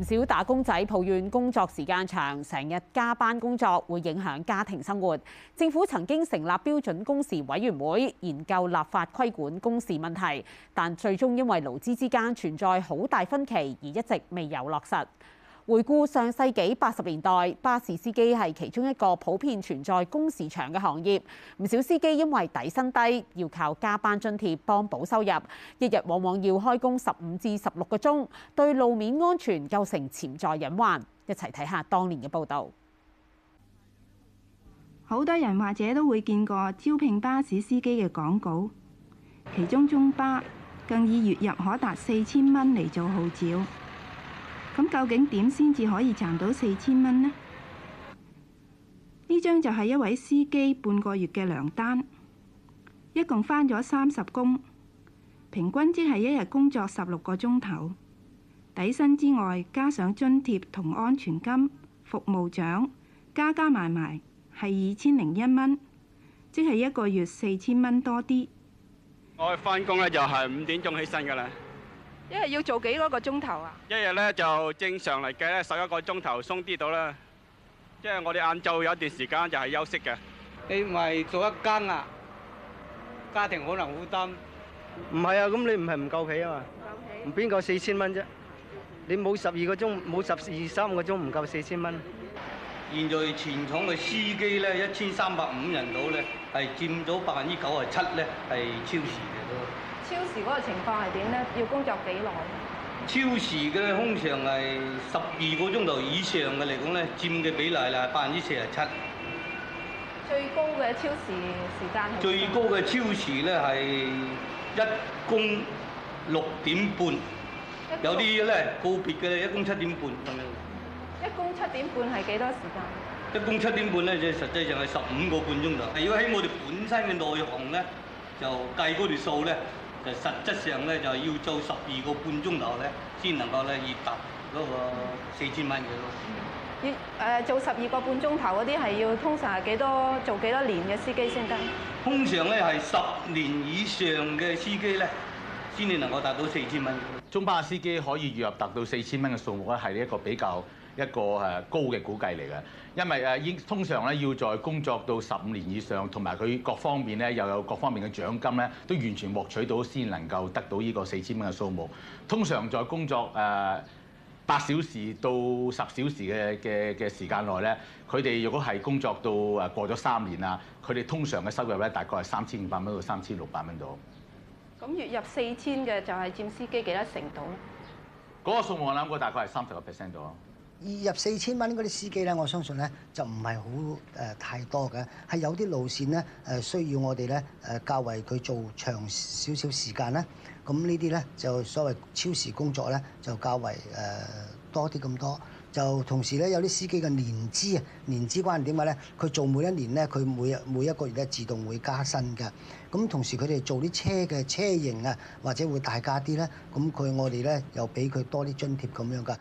唔少打工仔抱怨工作時間長，成日加班工作會影響家庭生活。政府曾經成立標準工時委員會，研究立法規管工時問題，但最終因為勞資之間存在好大分歧，而一直未有落實。回顧上世紀八十年代，巴士司機係其中一個普遍存在工時長嘅行業。唔少司機因為底薪低，要靠加班津貼幫補收入，一日往往要開工十五至十六個鐘，對路面安全構成潛在隱患。一齊睇下當年嘅報導。好多人或者都會見過招聘巴士司機嘅廣告，其中中巴更以月入可達四千蚊嚟做號召。咁究竟點先至可以賺到四千蚊呢？呢張就係一位司機半個月嘅糧單，一共返咗三十工，平均即係一日工作十六個鐘頭。底薪之外，加上津貼同安全金、服務獎，加加埋埋係二千零一蚊，即係一個月四千蚊多啲。我返工咧就係五點鐘起身噶啦。一日要做幾多個鐘頭啊？一日咧就正常嚟計咧，十一個鐘頭鬆啲到啦。即係我哋晏晝有一段時間就係休息嘅。你唔係做一更啊？家庭可能負擔？唔係啊，咁你唔係唔夠皮啊嘛？唔夠皮？唔邊夠四千蚊啫？你冇十二個鐘，冇十二三個鐘唔夠四千蚊。現在全廠嘅司機咧，一千三百五人到咧，係佔咗百分之九十七咧，係超時嘅。超時嗰個情況係點咧？要工作幾耐？超時嘅通常係十二個鐘頭以上嘅嚟講咧，佔嘅比例係百分之四十七。最高嘅超時時間？最高嘅超時咧係一工六點半，有啲咧，個別嘅咧一工七點半咁樣。一工七點半係幾多時間？一工七點半咧，即係實際上係十五個半鐘頭。如果喺我哋本身嘅內容咧，就計嗰條數咧。實質就實際上咧，就要做十二個半鐘頭咧，先能夠咧，要達嗰個四千蚊嘅咯。要誒做十二個半鐘頭嗰啲，係要通常係幾多做幾多年嘅司機先得？通常咧係十年以上嘅司機咧，先至能夠達到四千蚊。元中巴司機可以月入達到四千蚊嘅數目咧，係呢一個比較。一個誒高嘅估計嚟嘅，因為誒、啊、通常咧要在工作到十五年以上，同埋佢各方面咧又有各方面嘅獎金咧，都完全獲取到先能夠得到呢個四千蚊嘅數目。通常在工作誒八、啊、小時到十小時嘅嘅嘅時間內咧，佢哋如果係工作到誒過咗三年啦，佢哋通常嘅收入咧大概係三千五百蚊到三千六百蚊度。咁月入四千嘅就係佔司機幾多成度咧？嗰個數目我諗過大概係三十個 percent 度。二入四千蚊嗰啲司機咧，我相信咧就唔係好誒太多嘅，係有啲路線咧誒需要我哋咧誒較為佢做長少少時間咧，咁呢啲咧就所謂超時工作咧就較為誒、呃、多啲咁多。就同時咧有啲司機嘅年資啊，年資關係點解咧？佢做每一年咧，佢每日每一個月咧自動會加薪嘅。咁同時佢哋做啲車嘅車型啊，或者會大架啲咧，咁佢我哋咧又俾佢多啲津貼咁樣㗎。